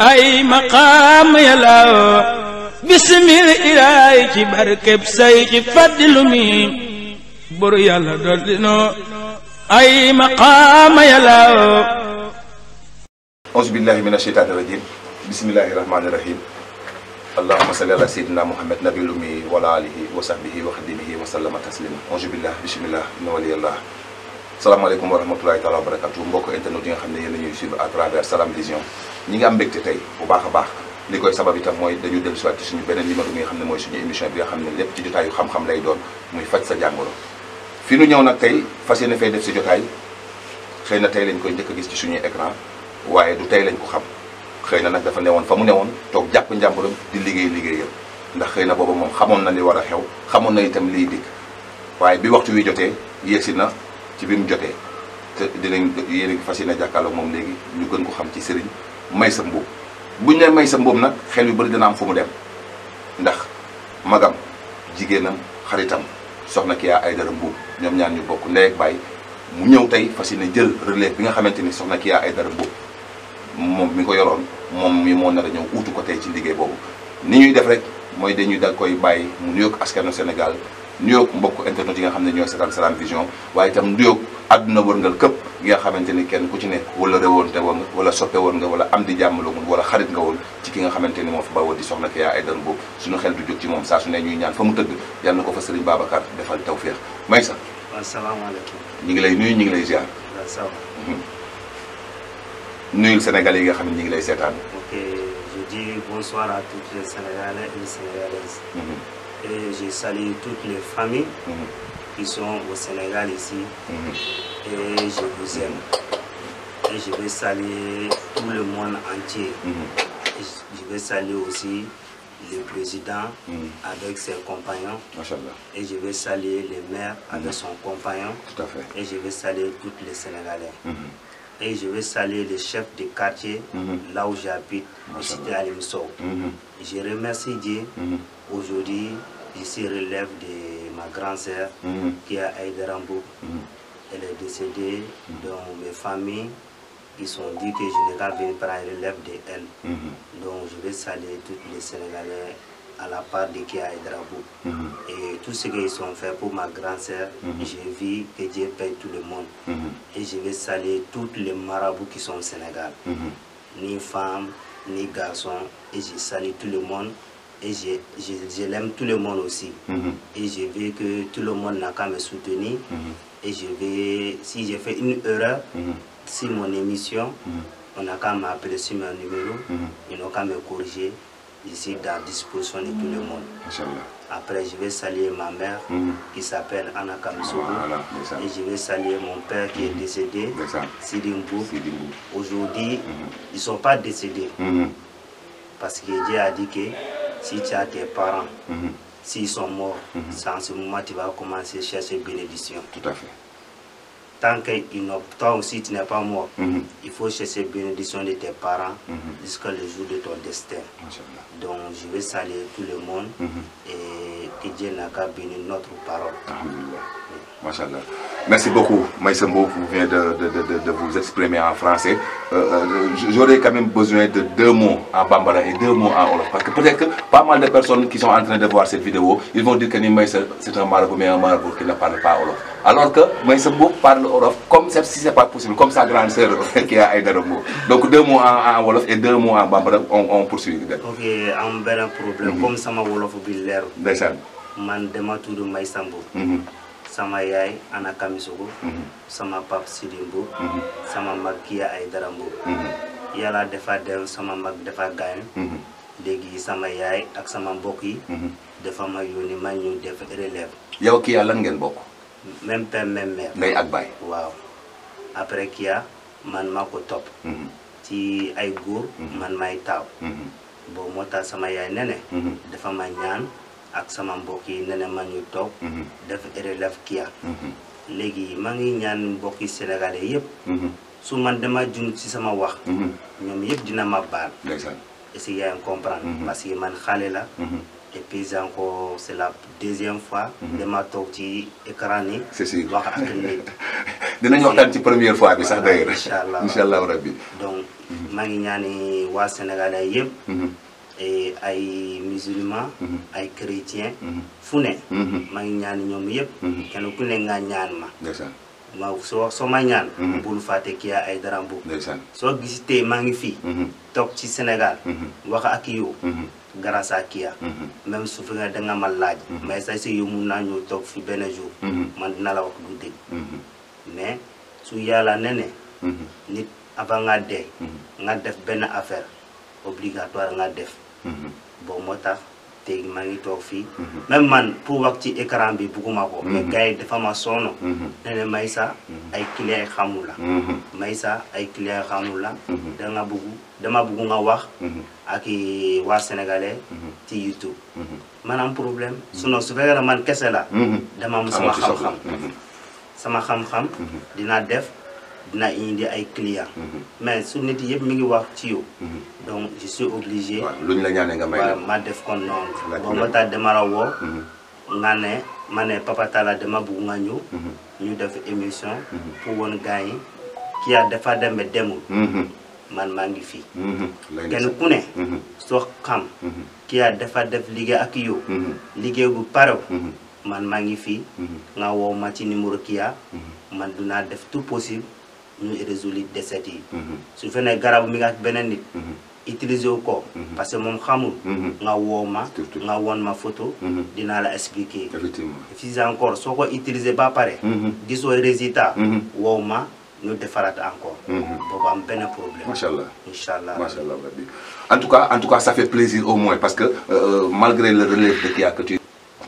ay maqaam yàllaaw bisimil ilaay ci barkeb say ci fàddilu mi buru yàlla dool dinoo ay maqaam yàllaaw auzu billahi min asheytaani rajim bismillahi rahmaani rahim allahuma salli ala seydina muhammad nabil umi wala alihi wa sahbihi wa xadimihi wa sallama taslima auzu billah bisimillah inna waliyallah salaamaaleykum wa rahmatulahi taala wa barakatu mbokk internet yi nga xam ne yéen a ñuy suivre à travers Salam Vision ñi ngi am mbégte tey bu baax a baax li koy sabab itam mooy dañu dellu siwaat ci suñu beneen numéro bi nga xam ne mooy suñu émission bi nga xam ne lépp ci jotaayu xam-xam lay doon muy faj sa jàngoro fi nu ñëw nag tey fas yéene fay def si jotaay xëy na tey lañ koy njëkk a gis ci suñuy écran waaye du tey lañ ko xam xëy na nag dafa newoon fa mu newoon toog jàpp njàmburam di liggéey liggéeyam ndax xëy na moom xamoon na li war a xew xamoon na itam liy waaye bi waxtu wi jotee yéesi na ci bi mu jotee te dinañ yéen a jàkkaarloo moom léegi ñu gën ko xam ci sëriñ sa Mboup buñ ne sa Mboup nag xel yu bëri dina am fu mu dem ndax magam jigéenam xaritam soxna Kya Aidara Mboup ñoom ñaan ñu bokk ndey ak mu ñëw tey fas yéene jël relève bi nga xamante ni soxna Kya Aidara Mboup moom mi ko yoroon moom mi moo nar a ñëw uutu ko tey ci liggéey boobu ni ñuy def rek mooy dañuy dal koy bàyyi mu nuyoog askanu senegal nuyoog mbokk internet yi nga xam ne ñooy seetaan Salam Vision waaye itam nuyoog àdduna wërngal këpp yi nga xamante ni kenn ku ci nekk wala réwoonte woon nga wala soppe woon nga wala am di jàmmalo wala xarit nga woon ci ki nga xamante ni moo fi bawoo di soxna ki yaa ay dan boobu suñu xel du jóg ci moom saa su ne ñuy ñaan fa mu tëgg yàlla na ko fa sëriñ Babacar defal tawféex may sax asalaamaaleykum ñu ngi lay nuyu ñu ngi lay ziar mhm. nuyul senegal yi nga xam ne ngi lay seetaan ok je dis bonsoir à tous les Sénégalais Et je salue toutes les familles mm-hmm. qui sont au Sénégal ici. Mm-hmm. Et je vous aime. Et je vais saluer tout le monde entier. Mm-hmm. je vais saluer aussi le président mmh. avec ses compagnons. Machallah. Et je vais saluer le maire avec son compagnon. Et je vais saluer tous les Sénégalais. Mmh. Et je vais saluer les chefs de quartier, là où j'habite, cité Alimso. Je remercie Dieu aujourd'hui Je suis relève de ma grand-sœur mhm. qui a Aïdarambou. Mhm. Elle est mhm. donc mes familles, ils ont dit que je n'ai qu'à venir prendre relève de Donc je vais saluer tous les Sénégalais à la part de Kia et Drabou. Mm -hmm. ce qu'ils ont fait pour ma grand-sœur, mm -hmm. que Dieu paye tout le monde. Et je vais saluer tous les marabouts qui sont au Ni femmes, ni garçons. Et je salue tout le monde. et je, je, tout le monde aussi. Mm je veux que tout le monde n'a qu'à me soutenir. Mm je vais, si j'ai fait une erreur mm mon émission, mhm. n'a qu'à m'appeler sur mon numéro, ils mhm. n'ont me corriger. Je suis disposition de tout le monde. Après, je vais saluer ma mère mhm. qui s'appelle Anna Kamsogo. Voilà, et je vais saluer mon père qui est décédé, Sidimbo. Aujourd'hui, ils sont pas décédés. Parce que a dit que Si tu as tes parents, mm -hmm. s'ils sont morts, mm -hmm. en ce moment, tu vas commencer chercher bénédiction. Tout à fait. Tant que toi aussi, tu n'es pas mort, mhm. il faut chercher bénédiction de tes parents mhm. jusqu'au jour de ton destin. Donc, je vais saluer tout le monde mhm. et que Dieu n'a qu'à bénir notre parole. macha allah merci beaucoup Maïssa Mbow vous venez de vous exprimer en français euh, euh, j'aurais quand même de deux mots en bambara et deux mots en wolof pas mal de personnes qui sont en train de voir cette vidéo ils vont dire que ni Maïssa c'est un marabout mais un marabout qui ne parle pas wolof alors que Maïssa Mbow parle wolof comme si c'est pas possible comme sa grande sœur qui a Aïdara Mbow donc deux mots en en et deux mots en bambara on on poursuit. problème. Mhm. comme sama wolof bi leer. ndeysaan. man sama yaay Anna Kamisugu mhm. sama pap Sidi Mbuub mhm. sama mag Kiya Aydara Mbuub mhm. yàlla dafa dem sama mag dafa gaañ léegi sama yaay ak sama mbokk yi dafa ma yónni ma ñu def relève yow Kiya lan ngeen bokk même père même mère ndey ak baay waaw après Kiya man ma ko topp ci ay góor man may taaw boobu moo tax sama yaay nene dafa ma ñaan ak sama mbokk yi ne ma ñu toog. Mhm. def relève Kia. Mhm. léegi maa ngi ñaan mbokki sénégalais yëpp. Mhm. su man dama jun ci sama wax. ñoom yëpp dina ma baal. est-ce parce que man xale la. et puis encore c'est la deuxième fois. dama toog ci écran yi. c'est wax ak nit. dinañ waxtaan ci première fois bi sax d'ailleurs. incha allah incha rabbi donc maa ngi ñaani waa sénégalais yëpp. ay musulmans. Mhm. ay chrétiens. Mhm. fu ne. Mhm. ngi ñaan ñoom yëpp. kenn ku ne nga ñaan ma. ma soo soo ma ñaan. bul fàtte kii ay dara bu. soo gis tey maa ngi fii. toog ci Sénégal. wax ak yow. grâce à Kia. même su fekkee da nga ma laaj. mais sa si yow mun naa ñëw toog fi benn jour. man dina la wax du dëgg. mais su yàlla ne nit avant nga dee. nga def benn affaire obligatoire nga def. Mhm. bon moo tax te maa ngi toog fii. Mhm. même man pour wax ci écran bi bugguma ko. Mhm. mais gars yi dafa ma sonn. nee na Maïssa ay clients xamul la. Maïssa ay clients xamul la. dama bugg nga wax. ak waa sénégalais. ci YouTube. maanaam problème sinon su fekkee man kese la. dama sama xam-xam. sama def. naa indi ay clients. Mhm. mais su nit yëpp mi ngi wax ci yow. Mhm. donc je suis obligé. waaw luñ la ñaanee nga may ma def kon noonu. boo ma taa dama la woo. Mhm. nga ne ma ne Papa Talla dama bugg nga ñëw. ñu def émission. pour woon gars yi kii a dafa dem ba demul. man maa ngi fii. kenn ku ne. soo xam. kii a dafa def liggéey ak yow. liggéey bu parew. man maa ngi fii. nga woo ma ci numéro kii a man dinaa def tout possible. ñuy résoudre décès yi. Mhm. su fekkee garab mi nga ak beneen nit. Mhm. utiliser wu ko. Mhm. parce que moom xamul. nga woo ma nga won ma photo. dinaa la expliquer. effectivement fii encore soo ko utiliser ba pare. gisoo résultat. woo ma ñu defaraat encore. boobu am benn problème. macha allah incha allah macha allah en tout cas en tout cas ça fait plaisir au moins parce que euh, euh, malgré le relève de Kya que tu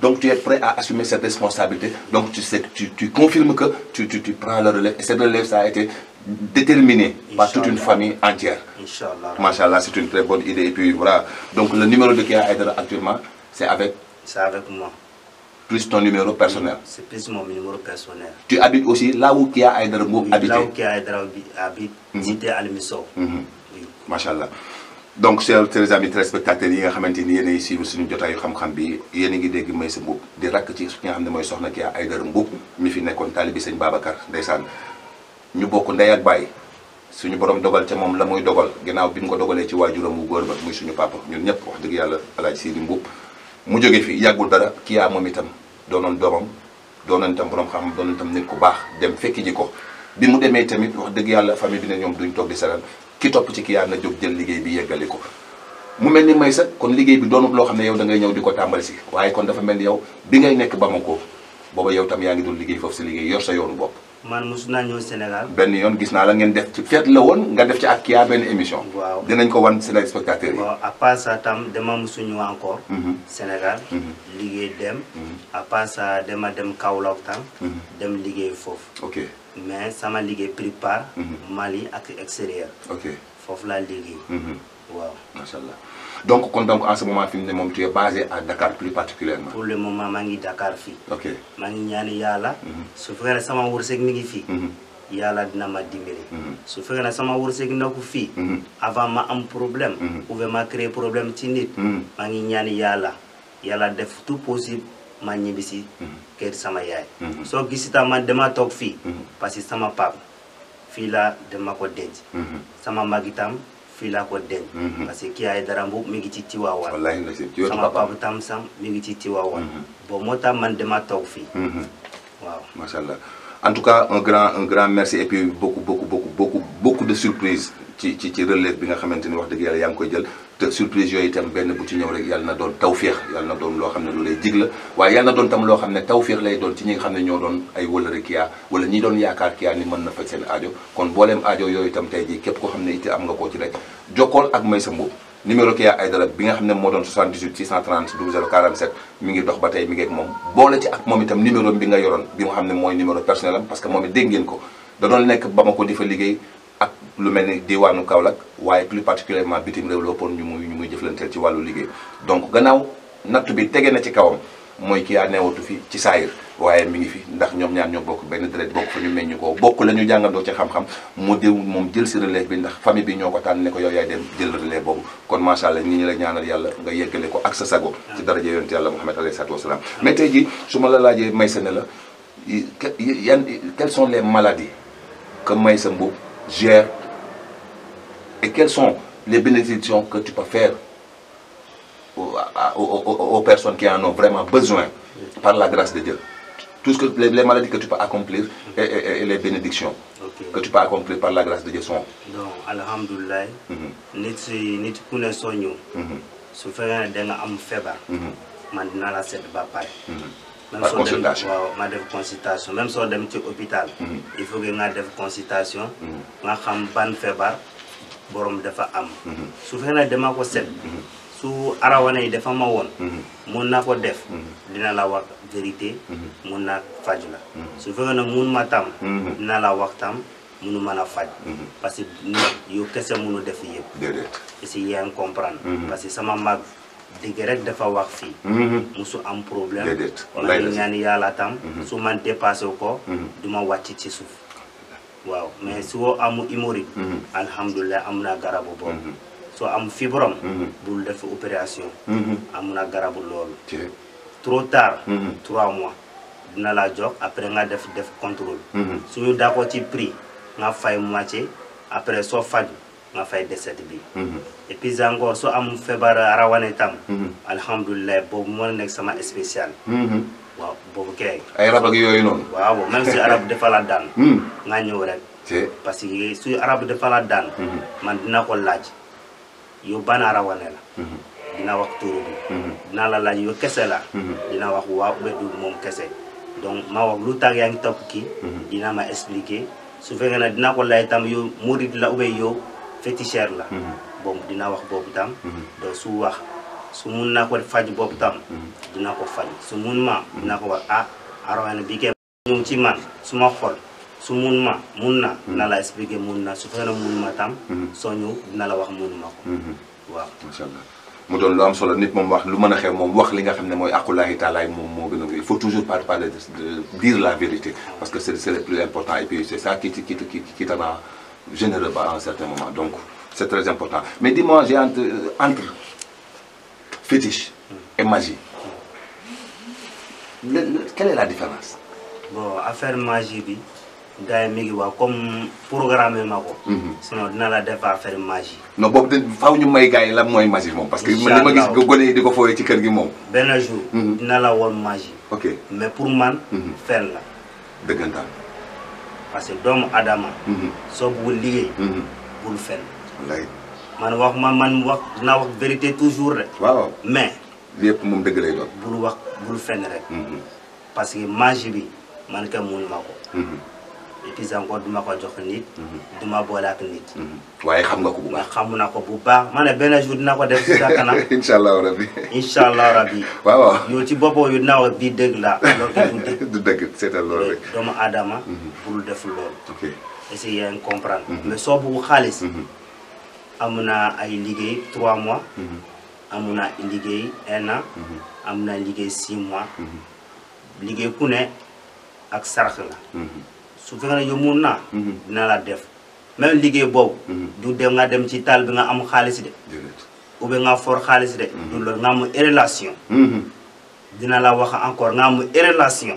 donc tu es prêt à assumer cette responsabilité donc tu sais tu tu confirmes que tu tu tu prends le relève et cette relève ça a par toute une famille entière. Machallah, c'est une très bonne idée et puis voilà. Donc le numéro de Kya Aidara actuellement, c'est avec Plus ton numéro personnel. C'est plus mon numéro personnel. Tu habites aussi là où Kya Aidara Mboup habitait. Là mhm. mhm. Machallah. donc chers amis téléspectateurs yi nga xamante ni yéen ay suivre suñu jotaayu xam-xam bi yéen a ngi dégg may sa mbuub di rakk ci ki nga xam ne mooy soxna ki ay dara mbuub mi fi nekkoon ñu borom dogal ca moom la muy dogal ginnaaw bi mu ko dogalee ci waajuram wu góor suñu papa ñun ñëpp wax dëgg yàlla alaaj Sidi mbuub mu jóge fi yàggul dara ki yaa moom itam doonoon doomam doonoon itam borom xam doonoon itam nit ku baax dem fekki ji ko bi mu demee tamit wax dëgg yàlla famille bi ne ñoom duñ toog di salaan ki topp ci kiyaar na jóg jël liggéey bi yeggali ko mu mel ni may sax kon liggéey bi doonut loo xam ne yow da ngay ñëw di ko tàmbali si waaye kon dafa mel ni yow bi ngay nekk ko booba yow tam yaa ngi doon liggéey foofu si liggéey yor sa yoonu bopp man mosu naa ñëw Sénégal benn yoon gis naa la ngeen def ci fête la woon nga def ci ak kiyaa benn émission waaw dinañ ko wan seen spectateurs yi waaw à part ça tam dama mosuñu encore mhm. Sénégal mhm. liggéey dem mhm. à part ça dama dem Kaolack tam dem liggéey foofu ok mais sama liggéey prépare mhm. Mali ak extérieur ok foofu laa liggéey mhm. waaw macha allah donc kon donc en ce moment fi mu moom tu es basé à Dakar plus pour le moment maa ngi Dakar fii ok maa ngi ñaani yàlla mhm. su fekkee ne sama wërsëg mi ngi fi yàlla dina ma dimbali su fekkee ne sama wërsëg nekku fi avant ma am problème ou bien créer problème ci nit maa ngi ñaani yàlla yàlla def tout possible ma ñibbi si mhm. kër sama yaay mhm. soo gis itam man dama toog fii mhm. parce que sama pap fii laa dama ko denc sama mag itam fii laa ko denc parce que kii ay dara mbu mi ngi ci Tiwaawan sama pap tam sam mi ngi ci Tiwaawan bon moo tax man dama toog fii waaw macha allah en tout cas un grand un grand merci et puis beaucoup beaucoup beaucoup beaucoup de surprise ci ci ci relève bi nga xamante ni wax dëgg yàlla yaa ngi koy jël te surprise yooyu itam benn bu ci ñëw rek yàlla na doon tawféex yàlla na doon loo xam ne lu lay jig la waaye yàlla na doon tam loo xam ne tawféex lay doon ci ñi nga xam ne ñoo doon ay wëlëri Kia wala ñi doon yaakaar Kia ni mën na faj seen aajo kon booleem aajo yooyu itam tey jii képp ko xam ne itte am nga koo ci rek jokkool ak Maysa Mbow numéro Kia Aidara bi nga xam ne moo doon 78 630 00 47 mi ngi dox ba tey mi ngi ak moom boole ci ak moom itam numéro bi nga yoroon bi ba ma fa liggéey ak lu mel ni diwaanu Kaolack waaye plus particulièrement bitim réew la ëppoon ñu muy ñu muy jëflanteel ci wàllu liggéey donc gannaaw natt bi tege na ci kawam mooy kii a neewatu fi ci saayir waaye mi ngi fi ndax ñoom ñaan ñoo bokk benn deret bokk fa ñu meññu ko bokk la ñu jàngandoo ci xam-xam mu déw moom jël si relève bi ndax famille bi ñoo ko tànn ne ko yow yaay dem jël relève boobu kon macha allah ni ñu la ñaanal yàlla nga yeggale ko ak sa sago ci daraja yonent yàlla Muhammad alayhi salaatu wasalaam mais tey ji su ma la laajee Maysa ne la yan quelles sont les maladies que Maysa Mboup gère et quelles sont les bénédictions que tu peux faire aux, aux, qui en ont vraiment besoin par la grâce de Dieu. Tout ce que les, les maladies que tu peux accomplir les bénédictions que tu peux accomplir par la grâce de Dieu sont. Donc, Alhamdoulilah, mhm. nit si nit ku ne soo ñëw. Mhm. su fekkee ne da nga am feebar. Mhm. la seet ba par consultation waaw nga def consultation même soo dem ci hôpital. Mm-hmm. il faut que nga def consultation. Mm-hmm. nga xam ban feebar boroom dafa am. Mm-hmm. su fekkee ne dama ko set. su arawana yi dafa ma woon. mun na ko def. dina la wax vérité. mun na faj la. su fekkee ne mun ma tam. dina la wax tam munu mën a faj. parce que yow kese munu def yëpp. déedéet. parce comprendre. parce que sama mag. dégg rek dafa wax mhm. mu su am problème. déedéet walaay la ñaan yàlla tam. Mhm. su man dépassé ko. Mhm. du ma wàcc ci suuf. waaw mais su woo amu hémorroïde. alhamdulilah am naa garabu boobu. soo am fibrom. bul def opération. am na garabu loolu. trop tard. trois mois dina la jox après nga def def contrôle. suñu d'accord ci prix nga fay moitié après soo faju nga fay deset bi e puis encore su am feebar rawane tam mm-hmm. alhamdulilah boobu moo nekk sama spécial mm-hmm. waaw boobu kay ay rab ak yooyu noonu waaw même si arab dafa daan mm. nga ñëw rek parce que su arab dafa daan man dina ko laaj yow ban rawane la dina wax tuuru dina la laaj yow kese la dina wax waaw ba du moom kese donc ma wax lu tax yaa ngi topp dina ma expliquer su fekkee ne dina ko laaj tam yow murid la ou bien féticheur la mhm. boobu dinaa wax boobu tam mhm. su wax su mun naa ko faj boobu tam mhm. dinaa ko faj su mun ma dinaa ko wax a ah, arawaane bi kay ñëw ci man su ma xool su mun ma na dina na tam soo ñëw dina la wax mun ma ko waaw macha allah mu doon lu am solo nit moom wax lu mën a xew moom wax li nga xam ne mooy aqullaahi taalaay moom moo gën a il faut toujours parler de dire la vérité ah. parce que c'est c'est le plus important et puis c'est ça qui qui généreux à un certain moment. Donc, c'est très important. Mais dis-moi, j'ai entre, euh, entre fétiche et magie. quelle est la différence Bon, affaire magie, bi, gars mi ngi wax comme programme ma ko. Mhm. sinon dina la def affaire magie. non boobu de faaw ñu may gars yi lan mooy magie moom. parce que li ma gis gone yi di ko fooyee ci kër gi moom. benn jour. Mhm. dina la woon magie. ok mais pour man. Mhm. fen la. dëggantaan. parce que doom adama mhm. soo buggul liggéey mhm. bul fen man wax ma man wax dinaa wax vérité toujours rek mais lépp moom dëgg lay doon bul wax bul fen rek mhm. parce que magie bi man ka muñ ko et puis encore duma ko jox nit. Mhm. duma boole ak nit. Mhm. waaye xam nga ko bu baax xamu na ko bu baax ma ne benn jour dina ko def si sa kanam. incha allahu rabi. incha allahu rabi. waaw waaw ci boppam naaw bii dëgg la. du dëgg seetal loolu rek doomu aadama. Mhm. bul def lool ok essayer yaa ngi comprendre. mais soo bëgg xaalis. am ay liggéey 3 mois. am na liggéey 1 an. am na liggéey 6 mois. liggéey ku ne ak sarax la. su fekkee ne yombul naa. dina mhm. la def même liggéey boobu. Mhm. du dem nga dem ci taal bi nga am xaalis de. ou nga for xaalis de. Mhm. du loolu nga am relation. dina la wax encore nga am relation.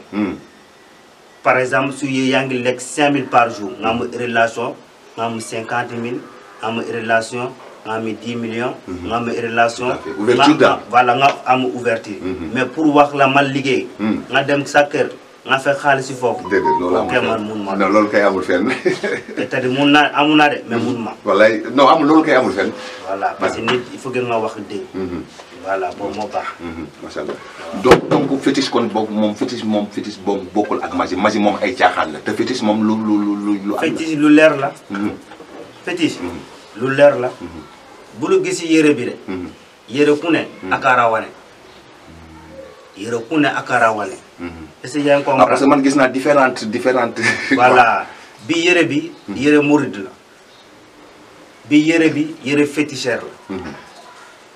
par exemple su yee yaa ngi lekk mille par jour nga am relation nga am 50000 nga am relation. nga am 10 millions. nga am relation. ouverture daal voilà nga am ouverture. mais pour wax la man liggéey. nga dem sa kër. nga fekk xaalis yi foofu. déedéet loolu amul fenn mun ma non loolu kay amul fenn. te tadi mun naa amul naa de mais mun ma. wallaay non amul loolu kay amul fenn. voilà parce que nit il faut que nga wax dëgg. Mhm. voilà boobu moo baax. Mhm, macha allah donc donc fétiche kon boog moom fétiche moom fétiche boobu bokkul ak magie magie moom ay caaxaan la te fétiche moom lu lu lu lu. leer la. fétiche. lu leer la. Mhm. bu lu gis yére bi de. yére ku ne. ak arawane. yére ku ne ak arawane. Mm-hmm. est-ce que yaa ngi comprendre ah, parce que man gis naa différentes différentes. voilà mm-hmm. bi yére bi. yére mouride la. bi yére bi yëre féticheur la.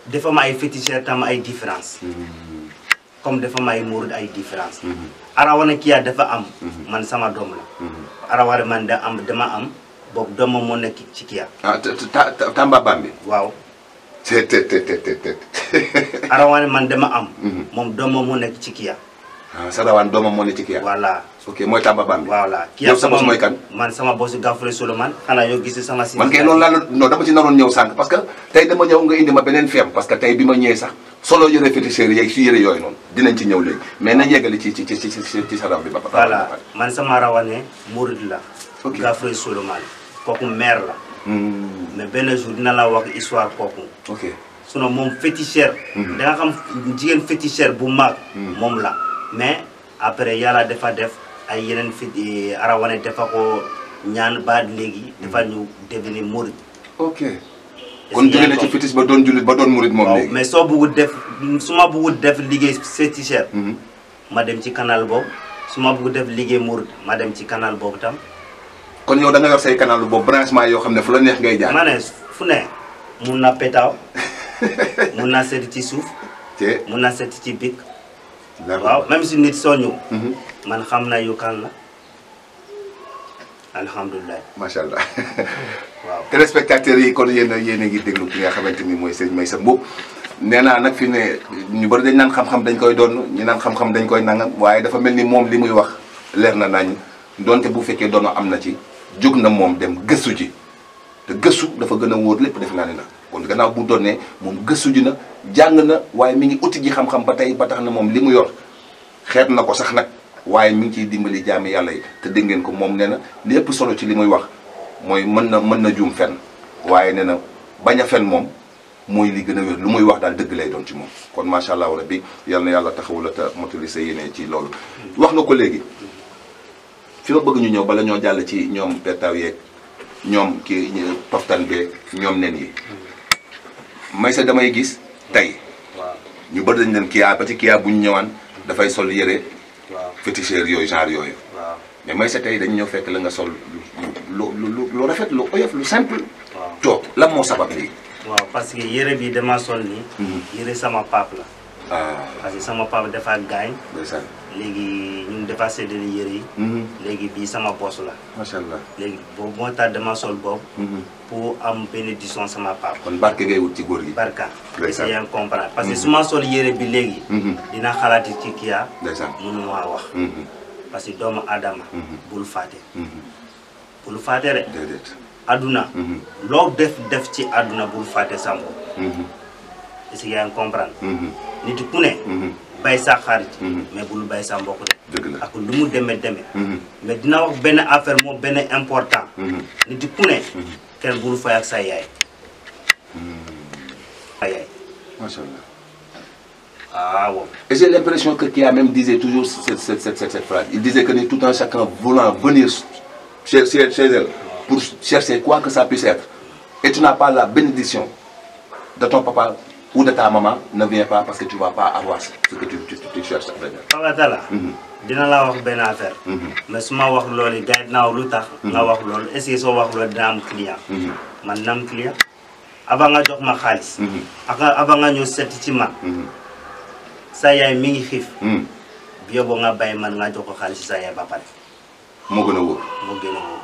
dafa am ay féticheur tam ay différence mm-hmm. comme dafa am ay mouride ay différence arawana kiyaa dafa am. man sama doom la. arawana man da am dama am boobu doomam moo nekk ci kiyaa. ah Tamba Bambi. waaw. te te te te te arawane man dama am. moom doomam moo nekk ci kiyaa. Ah, Sarawaan doomam moo ne ci Kia. a ok sama mooy kan. man sama xanaa yoo gis sama. si man kay loolu laa la dama ci naroon ñëw sànq parce que tey dama ñëw nga indi ma beneen feem parce que tey bi ma ñëwee sax solo yëre féticheur yeeg si yëre yooyu noonu dinañ ci ñëw léegi mais nañ yeggali ci ci ci ci ci sa raw bi ba pare. voilà man sama rawane Mouride la. ok Gafure Souleymane kooku maire la. Hmm. mais benn jour dina la wax histoire kooku. ok sinon moom féticheur. Hmm. da nga xam jigéen féticheur bu mag. Hmm. moom la. mais après yàlla defa def ay yeneen fi arawane dafa ko ñaan baat léegi dafa ñu ni murid ok kon jóge na ci fétiche ba doon jullit ba doon murid moom léegi mais soo bëggul def su ma bëggul def liggéey féticheur mhm. ma dem ci canal boobu su ma bëggul def liggéey murid ma dem ci canal boobu tam kon yow da nga yor say canal boobu branchement yoo xam ne fu la ngay jaar ma ne fu ne mun na pétaaw mun na seet ci suuf mun na seet ci bikk waaw même si nit soññu mm-hmm. man xam na yu kan la alhamdulilah. macha allah waaw. téléspectateurs yi kon yéen a yéen a ngi déglu ki nga xamante ni mooy sëñ Meissa Mboup nee naa nag fi ne ñu bari dañ naan xam-xam dañ koy doon ñu naan xam-xam dañ koy nangam waaye dafa mel ni moom li muy wax leer na naañ donte bu fekkee doon am na ci jóg na moom dem gëstu ji te gëstu dafa gën a wóor lépp def naa ne nag kon gannaaw bu doonee moom gëstu ji na. jàng na waaye mi ngi uti ji xam-xam ba tey ba tax na moom li mu yor xeet na ko sax nag waaye mi ngi ciy dimbali jaami yàlla yi te dégg ngeen ko moom nee na li ëpp solo ci li muy wax mooy mën na mën na juum fenn waaye nee na bañ a fen moom mooy li gën a wér lu muy wax daal dëgg lay doon ci moom kon macha allah rabbi yal na yàlla taxawul te motali sa yéene ci loolu. wax na ko léegi fi ma bëgg ñu ñëw bala ñoo jàll ci ñoom pettaaw yeeg ñoom kii paftan beeg ñoom nen yi may damay gis. tey ñu bëri dañ leen kiyaa ba ci kiyaa bu ñu ñëwaan dafay sol yëre féticheur yooyu genre yooyu mais mooy sa tey dañ ñëw fekk la nga sol lu lu lu rafet lu oyof lu simple toog lan moo sabab lii waaw parce que yëre bi dama sol nii mhm. yëre sama paap la ah. parce que sama paap dafa gaañ léegi ñun dafa séddale yére yi. Mhm. léegi bii sama boos la. macha allah léegi boobu moo tax dama sol boobu. Mhm. pour am bénédiction sama papa. kon barke ngay wut ci góor gi. barka ndeysaan yaa ngi comprendre parce que mhm. su ma sol yére bi léegi. dina xalaati ci kiya. ndeysaan mënu maa wax. parce que doomu aadama. bul fàtte. bul fàtte rek. déedéet aduna. loo def def ci aduna bul fàtte sango. est-ce que yaa ngi comprendre. nit ku ne. bay sa xarit. Mhm. mais bu lu bay sa ak lu mu demee demee. Mhm. mais dina wax benn affaire moom benn important. Mhm. nit di ku ne. kenn bul fay ak sa yaay. yaay. macha allah. Ah, Et j'ai l'impression que Kiamem disait toujours cette, cette, cette, cette, phrase. Il disait que tout en chacun voulant venir chercher quoi que ça puisse être. Et tu n'as pas la bénédiction de ton papa ou de ta maman ne viens pas parce que tu vas pas avoir ce que tu tu tu cherches après. Papa Talla. dina la wax benn affaire. mais su ma wax loolu gars yi dinaa lu tax. nga wax loolu est-ce que soo wax loolu dina am client. man dina am client. avant nga jox ma xaalis. ak avant nga ñëw seet ci man. sa yaay mi ngi xiif. bi yóbboo nga bàyyi man nga jox ko xaalis sa yaay ba pare. moo gën a wóor. moo gën a wóor.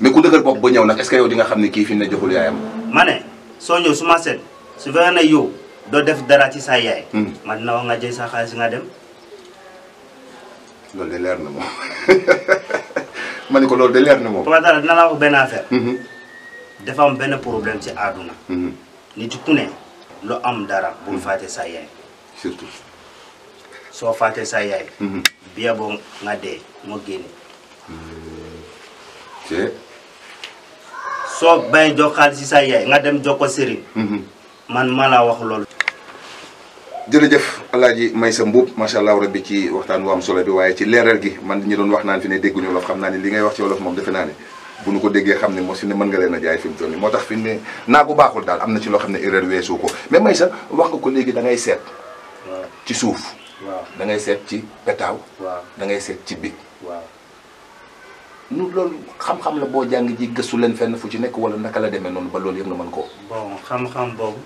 mais ku dëgër bopp ba ñëw nag est-ce que yow di nga xam ne kii fi ne joxul yaayam. ma ne. soo ñëw su ma seet su fekkee ne doo def dara ci sa yaay. Hmm. man dina wax nga jël sa xaalis nga dem. loolu de leer moom ma ne ko loolu de leer na moom. Papa Talla dina la wax benn affaire. Hmm. dafa am benn problème ci àdduna. Hmm. nit ku ne lu am dara. bul fàtte sa yaay. surtout. soo fàtte sa yaay. biya boo nga dee moo génne. soo bañ jox xaalis si sa yaay nga dem jox ko sëriñ. Mhm. man ma la wax loolu. jërëjëf alaaji Maysa Mbuub macha allah bi ci waxtaan wu am solo bi waaye ci leeral gi man ñu doon wax naan fi ne dégguñu wolof xam naa ne li ngay wax ci wolof moom defe naa ne bu ñu ko déggee xam ne moo si ne mën nga leen a jaay fi mu toll nii moo tax fi ne naa ko baaxul daal am na ci loo xam ne erreur weesu ko may Maysa wax nga ko léegi dangay ngay seet. ci suuf. da ngay seet ci petaaw. da ngay seet ci bi. nu loolu xam-xam la boo jàng ji gëstu leen fenn fu ci nekk wala naka la demee noonu ba loolu yëpp nga mën koo. bon xam-xam boobu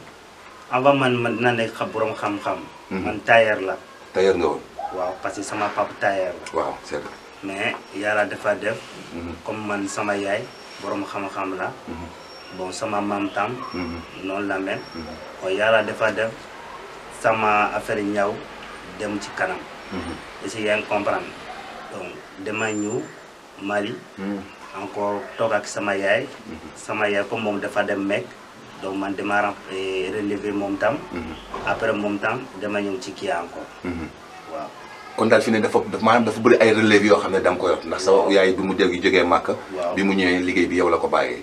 avant man man dinaa nekk xam xam-xam. Mhm. man tailleur la. tailleur nga woon. waaw parce que sama papa tailleur la. waaw c'est vrai. mais yàlla dafa def. Mhm. comme man sama yaay boroom xam-xam la. Mhm. bon sama maam tam. noonu la mel. bon yàlla dafa def sama affaire ñaw dem ci kanam. est ñëw. Mali. Hmm. encore toog ak sama yaay. Hmm. sama yaay comme moom dafa dem Mekk donc man dama eh, relever moom tam. Hmm. après moom tam dama ñëw ci kii encore. waaw kon daal fi ne dafa maanaam dafa bëri ay relève yoo xam ne da nga ko yor ndax sa yaay bi mu dégg jógee Màkka. bi mu ñëwee liggéey bi yow la ko bàyyee.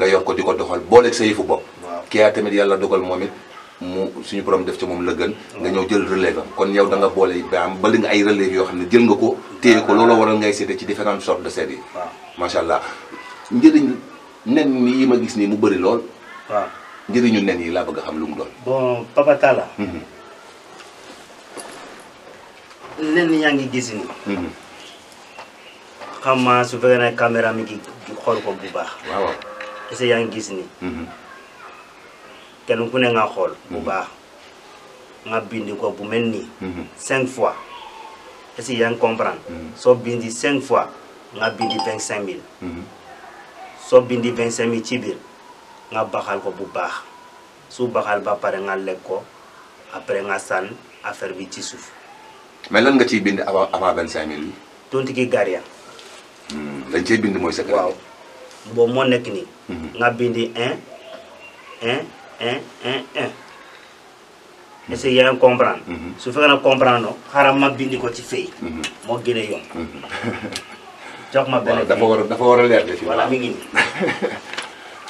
nga yor di ko doxal booleeg sa yëfu bopp. waaw kii tamit yàlla dogal moom it. mu suñu borom def ci moom la gën nga ñëw jël relève am kon yow da nga boole it ba am bali ay relève yoo xam ne jël nga ko téye ko looloo waral ngay seete ci différentes sortes de seet yi macha allah njëriñ nen yi ma gis nii mu bari lool waaw njëriñu nen yi laa bëgg a xam lu mu doon bon Papa Talla mhm. nen yaa ngi gis ni mhm. xam ma su fekkee ne caméra mi ngi xool ko bu baax waaw parce yaa ngi gis ni mhm. kenn ku nga xool bu mhm. baax nga bindi ko bu mel nii mhm. fois est ce yaa ngi comprendre mhm. soo bindi fois nga bindi vingt cinq bindi vingt ci biir nga baxal ko bu baax su baxal ba pare nga lek ko après nga sànn affaire bi ci suuf mais lan nga ciy bind avant avant vingt cinq ki garia hmm, dañ cey bind mooy secret waaw boobu moo nekk nii nga bindi un un un un est-ce que yaa comprendre. Mm-hmm. su fekkee nag comprendre no ma bindi ko ci fay. Mm-hmm. moo gën a mm-hmm. jox ma benn dafa war a dafa war a leer de fii. voilà mi ngi nii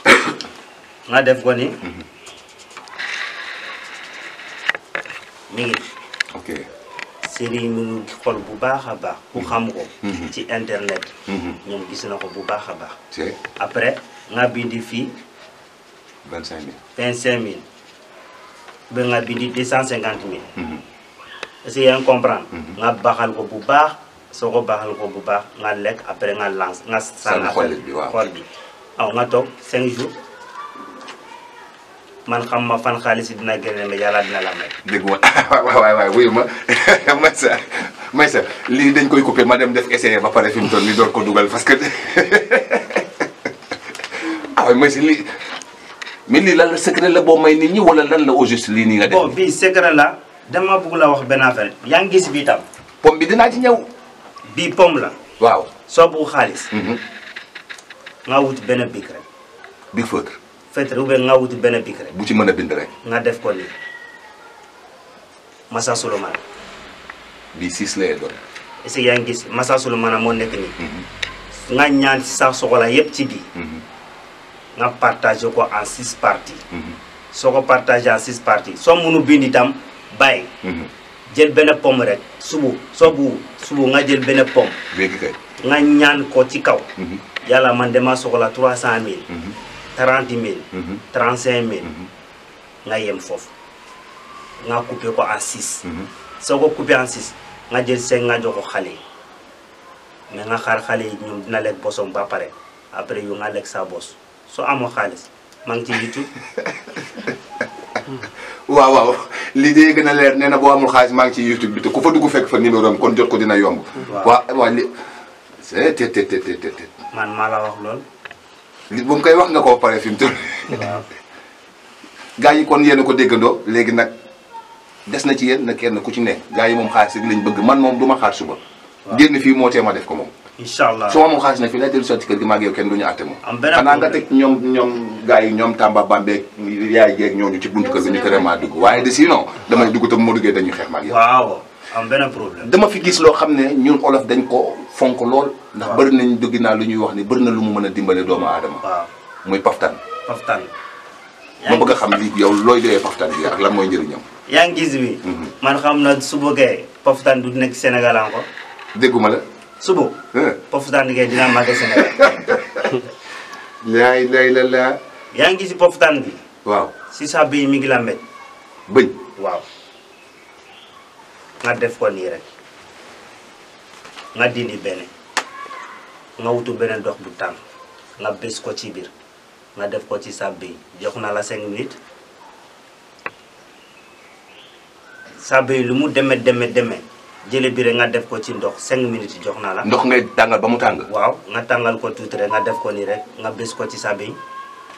nga def ko ni. mi ngi ok série mu ngi xool bu baax a baax ku xam ko ci internet ñoom gis na ko bu baax a baax après nga bindi fii vingt cinq mille. vingt cinq mille ba nga bindi deux cent cinquante mille. est-ce que yaa ngi nga baaxal ko bu baax soo ko baaxal ko bu baax nga lekk après nga lance nga. sànni xollit bi waaw xollit bi nga toog cinq jours. man xam ma fan xaalis bi dina génne mais yàlla dina la may. dégg nga waaw waay waay wuyu ma Maysa Maysa lii dañ koy coupé ma dem def essayé ba pare fi mu toll nii door ko dugal parce que ah Maysa lii. mais lan la secret la boo may nit ñi wala lan la au juste lii nii nga def. bon bii secret la dama bëgg la wax benn affaire yaa ngi gis bii tam. pomme bi dinaa ci ñëw. bii pomme la. waaw soo bëgg xaalis. Mhm. nga wut benn bic rek. bic feutre. feutre ou bien nga wut benn bic rek. bu ci mën a bind rek. nga def ko nii Massa Souleymane. bii six lay doon. est-ce que yaa ngi gis Massa Souleymane moo nekk nii. Mhm. nga ñaan ci sa soxla yëpp ci bii. Mhm. nga partagé ko en six parties. soo ko partagé en six parties soo mënu bind itam bàyyi. jël benn pomme rek subu soo bu subu nga jël benn pomme. nga ñaan ko ci kaw. Mhm. yàlla man dama soxla trois cent mille. Mhm. trente mille. Mhm. trente cinq mille. nga yem foofu nga coupé ko en six. soo ko coupé en nga jël cinq nga jox ko xale yi nga xaar xale yi ñoom dina lekk bosom ba pare après yu nga lekk sa bos. soo amoo xaalis maa ngi ci YouTube. waaw waaw li dee gën a leer nee na boo amul xaalis maa ngi ci YouTube bi te ku fa dugg fekk fa numéro am kon jot ko dina yomb. waaw waaw li c'est te wax lool. li bu mu koy wax nga koo pare fi mu tëdd. waaw. gaa yi kon yéen ko déggandoo léegi nag des na ci yéen na kenn ku ci nekk gaa yi moom xaalis rek lañ bëgg man moom du ma xaar suba. génn fii moo tee ma def ko moom. incha allah su ma moom xaalis nag fii lay dellu si kër gi maa yow kenn du ñu àtte moom xanaa nga teg ñoom ñoom yi ñoom Tamba Bambey yaay jeeg ñooñu ci buntu kër gi ñu vraiment dugg waaye de sinon damay dugg tam moo duggee dañuy xeex maa ngi waaw am benn problème dama fi gis loo xam ne ñun olof dañ ko fonk lool ndax bëri nañ dugg naa lu ñuy wax ni bëri na lu mu mën a dimbale doomu aadama waaw muy paftan paftan ma bëgg a xam li yow looy doyee paftan bi ak lan mooy njëriñam yaa ngi gis bi mhm. man xam su bëggee paftan du nekk Sénégal encore dégguma la suba. foofu si daan liggéey dinaa màggal Sénégal. laay lay la laa. yaa ngi si poftaan bi. waaw si sa bëñ mi ngi la mel. bëñ. waaw nga def ko nii rek nga dindi benn nga wutu beneen dox bu tàng nga bés ko ci biir nga def ko ci sa bëñ jox na la cinq minutes sa bëñ lu mu deme deme deme. jële bi rek nga def ko ci ndox 5 minutes jox naa la. ndox ngay tàngal ba mu tàng. waaw nga tàngal ko tut rek nga def ko nii rek nga bés ko ci sa biñ.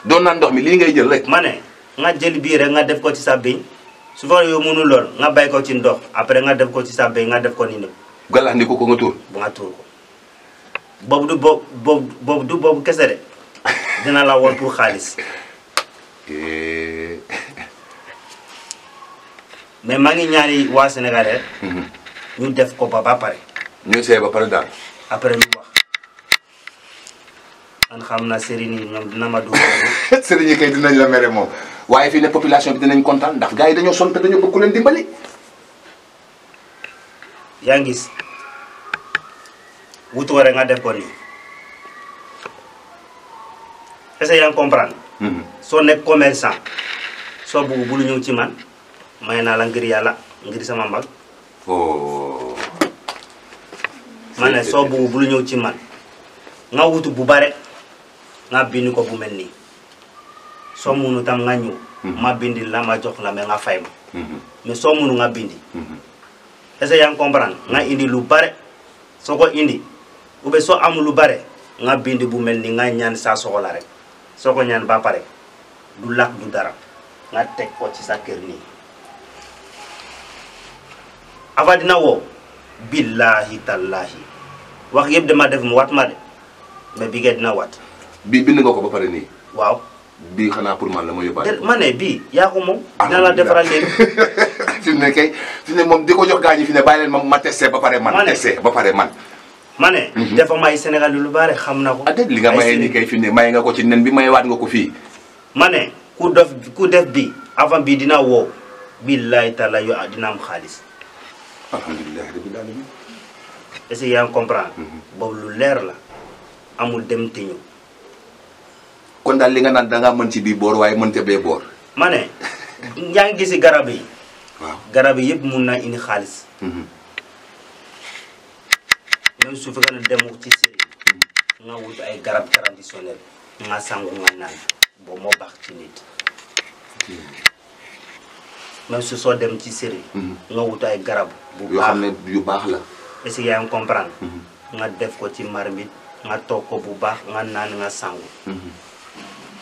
doon naan ndox mi lii ngay jël rek. ma ne nga jël bii rek nga def ko ci sa biñ su fa yow mënul lool nga bay ko ci ndox après nga def ko ci sa biñ nga def ko nii nii. gàllandiku ko nga tuur. bu nga tuur ko boobu du boobu boobu du boobu kese de dina la woon pour xaalis. Eh. mais maa ngi ñaari waa Sénégal rek. Mm-hmm. ñu def ko ba ba pare. ñu seey ba pare daal. après ñu wax man xam naa sëriñ yi ñoom dina ma dugg. sëriñ yi kay dinañ la mere moom waaye fii ne population bi dinañ kontaan ndax gars dañoo sonn te dañoo bëgg ku leen dimbali. yaa ngi wutu waree nga def ko nii est yaa ngi comprendre. Mhm. soo nekk commerçant soo bëgg bu lu ñëw ci man may naa la ngir yàlla ngir sama mbag. Oh. man ne soo bugg bul ñëw ci man nga wutu bu bare nga bind ko bu mel ni soo munu tam nga ñëw mhm. ma bindi la ma jox la mais nga fay ma mhm. mais soo munu nga bindi mhm. est-ce que nga indi lu bare soo indi ou soo amul lu bare nga bindi bu mel ni nga ñaan saa soxla rek soo ñaan ba pare du lakk du dara nga teg ko ci sa kër nii avant dina woo billaahi tallaahi wax yëpp dama def mu waat ma de mais bi gee dina waat. bii bind nga ko ba pare nii. waaw. bii xanaa pour man la ma yóbbaale. ma ne bii yaa ko moom. Ah, dina la defaral léegi. fi mu ne moom di ko jox gaañ fi ne bàyyi leen ma ma ba pare man. ma testé ba pare man. ma ne. Mhm. dafa may Sénégal lu bare xam na ko. Ah, déedéet li nga maye ni kay fi mu ne maye nga ko ci nen bi maye waat nga ko fii. ma ne ku def ku def bii avant bii dina woo billaay taala yo dina am xaalis. alhamdulilah rabbil alamin est-ce que yaa ngi comprendre. Mhm. boobu lu leer la amul dem te ñëw. kon daal li nga naan danga ngaa mën ci biir boor waaye mën ci bee boor. ma ne yaa ngi gisi garab yi. waaw garab yi yépp mun na indi xaalis. Mhm. même su fekkee ne demoo ci sëriñ mhm. nga wut ay garab traditionnel nga sangu nga naan boo moo baax ci nit. même si soo dem ci série mhm. nga wut ay garab xam ne yu baax la est-ce mhm. def ko ci marmite nga toog ko bu baax nga naan nga sangu mhm.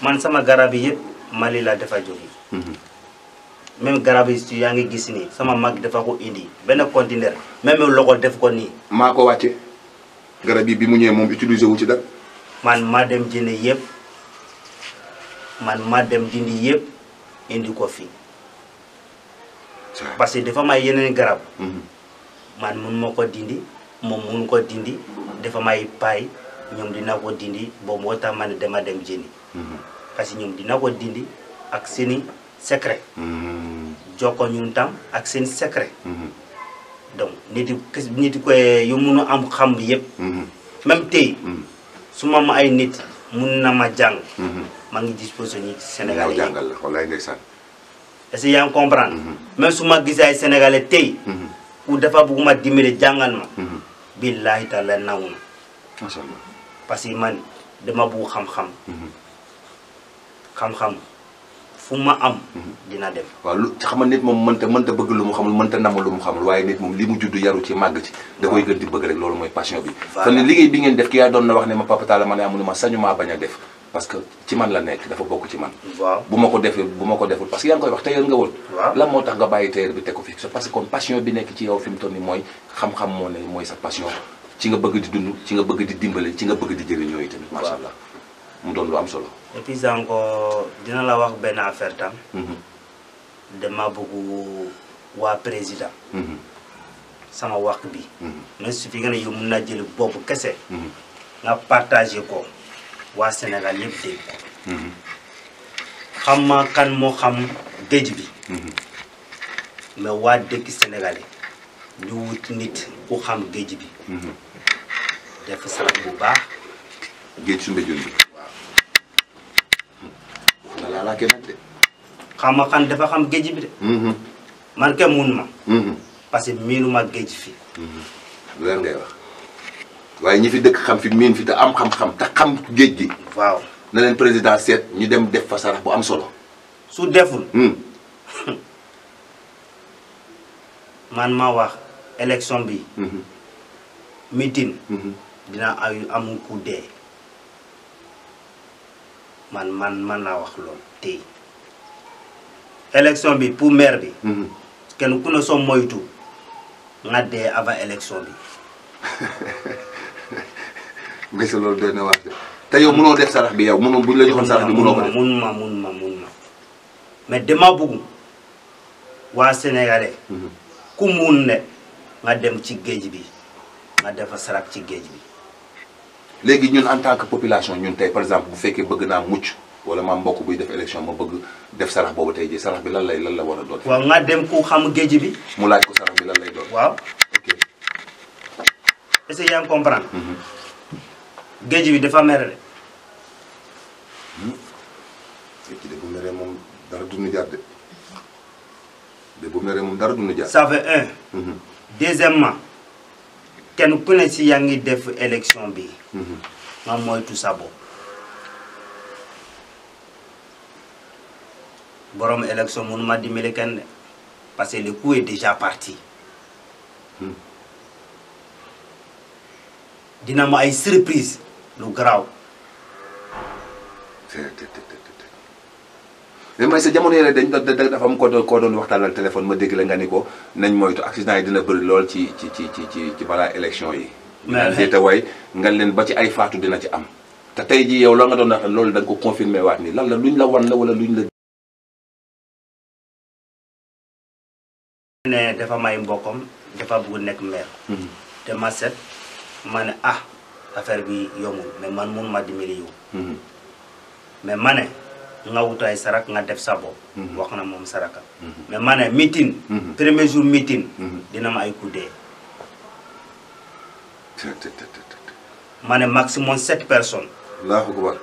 man sama garab yi yëpp Mali la dafa jóge même garab yi si yaa ngi gis nii sama mag dafa indi benn conteneur même loxo def ko nii maa ko wàcce bi mu ñëwee moom utiliser wu ci dara man maa dem jënd yëpp man maa dem jëndi yépp indi ko fii parce que dafa may yeneen garab. Mhm. man mun ma ko dindi moom mun ko dindi dafa may paay ñoom dina ko dindi boobu moo tax man ne dama dem jëndi. Mhm. parce que ñoom dina ko dindi ak seeni secret. Mhm. jokkoo ñun tam ak seen secret. donc nit yi kese nit yu mun am xam yëpp. même tey. su ma ay nit mun na ma jàng. maa ngi disposition ñi Sénégal yi jàngal la wallaay ndeysaan est-ce que yaa ngi comprendre mm-hmm. même su ma gisee ay sénégalais tey mm-hmm. ku dafa bugguma dimbali jàngal ma mm-hmm. billahi taala nangu na macha allah parce que man dama bugg xam-xam xam-xam fu ma am dina dem waaw lu xam nga nit moom mënta mënta bëgg lu mu xamul mënta namm lu mu xamul waaye nit moom li mu juddu yaru ci màgg ci da koy gën di bëgg rek loolu mooy passion bi te liggéey bi ngeen def ki yaa doon na wax ne ma Papa Talla ma ne amul ma sañu maa bañ a def parce que ci man la nekk dafa bokk ci man. waaw bu ma ko defee bu ma ko deful parce que yaa ngi koy wax teyar nga woon. waaw lan moo tax nga bàyyi teyar bi teg ko fi. parce que kon passion bi nekk ci yow fi mu toll mooy xam-xam moo ne mooy sa passion ci nga bëgg di dund ci nga bëgg di dimbale ci nga bëgg di jëriñoo yi tamit. macha allah mu doon lu am solo. et puis Zanko dina la wax benn affaire tam. Mhm. dama bëgg waa président. Mhm. sama wax bi. Mhm. mais su fi nga ne yow mun naa jël boobu kese. nga partagé waa Sénégal yëpp dégg xam ma kan moo xam géej bi mais waa dëkk Sénégal yi wut nit ku xam géej bi def salat bu baax géej sumbe jun bi xam ma kan dafa xam géej bi de mhm. man kenn mun ma mhm. parce que miinu ma géej fii mhm. waaye ñi fi dëkk xam fi miin fi te am xam-xam te xam géej gi. waaw na leen président seet ñu dem def fa sarax bu am solo. su deful. Hmm. man ma wax élection bi. Hmm. meeting. Hmm. dina ay ku dee. man man man naa wax loolu tey. élection bi pour maire bi. kenn ku ne soo moytu nga dee avant élection bi. mais loolu doy na waat te yow mënoo def sarax bi yow mënoo buñ la joxoon sarax bi mënoo ko def mun ma mun ma mun ma mais dama bëgg waa sénégalais mhm. ku mun ne nga dem ci géej bi nga defa sarax ci géej bi léegi ñun en tant que population ñun tey par exemple bu fekkee bëgg naa mucc wala ma mbokk buy def élection ma bëgg def sarax boobu tey jii sarax bi lan lay lan la war a doon waaw nga dem ku xam géej bi mu laaj ko sarax bi lan lay doon waaw ok est géej bi dafa mere de. Hmm. de bu meree moom dara dunu jaar de de bu meree moom dara dunu jaar. ça fait un. Hmm. deuxièmement kenn ku ne si yaa ngi def élection bi. Hmm. nga moytu sa bopp. borom élection mënu ma dimbali de parce que le coup est déjà parti. dina ma ay surprise. lu garaaw. mais mooy sa jamono yële dañ dañ dafa am koo doon koo doon waxtaanal téléphone ma dégg la nga ni ko nañ moytu accident yi dina bëri lool ci ci ci ci ci balaa élection yi. déeta waay nga leen ba ci ay faatu dina ci am. te tey jii yow la nga doon wax loolu da nga ko confirmé waat ni lan la luñ la wan la wala luñ la. affaire bi yombul mais man mun ma dimbali yow. Mhm. ma ne nga wut ay sarak nga def sabo mhm. wax na moom saraka. Mhm. mais ma ne meeting. premier jour meeting. dina ma ay kuddee. ma ne maximum sept personnes. allahu akbar.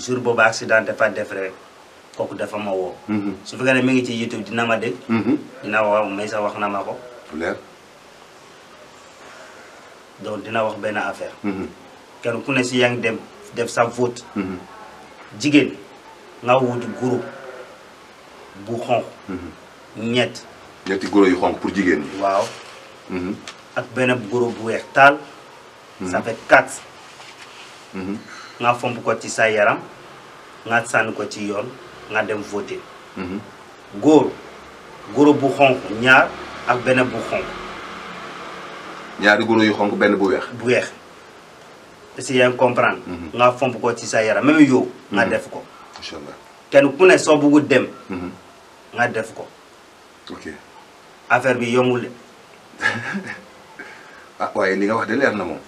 jour boobu accident dafa def rek kooku dafa ma woo. su fekkee ne mi ngi ci YouTube dina ma dégg. dina waaw Maysa wax na ma ko. donc dina wax benn affaire. Mhm. kenn ku ne si yaa ngi def sa vote. Mhm. jigéen nga wut guro bu xonq. Mhm. ñett. ñetti guro yu xonq pour jigéen waaw. ak benn guro bu weex taal. ça fait quatre. nga fomp ko ci sa yaram nga sànni ko ci yoon nga dem voter. góor bu xonq ñaar ak benn bu xonq. ñaari guro yu xonq benn bu weex. bu weex est-ce comprendre. Mhm. nga fomp ko ci sa yaram même yow. nga mhm. def ko. incha allah kenn ku soo bëgg dem. Mhm. nga def ko. ok affaire bi yombul de. ah waaye li nga wax de na moom.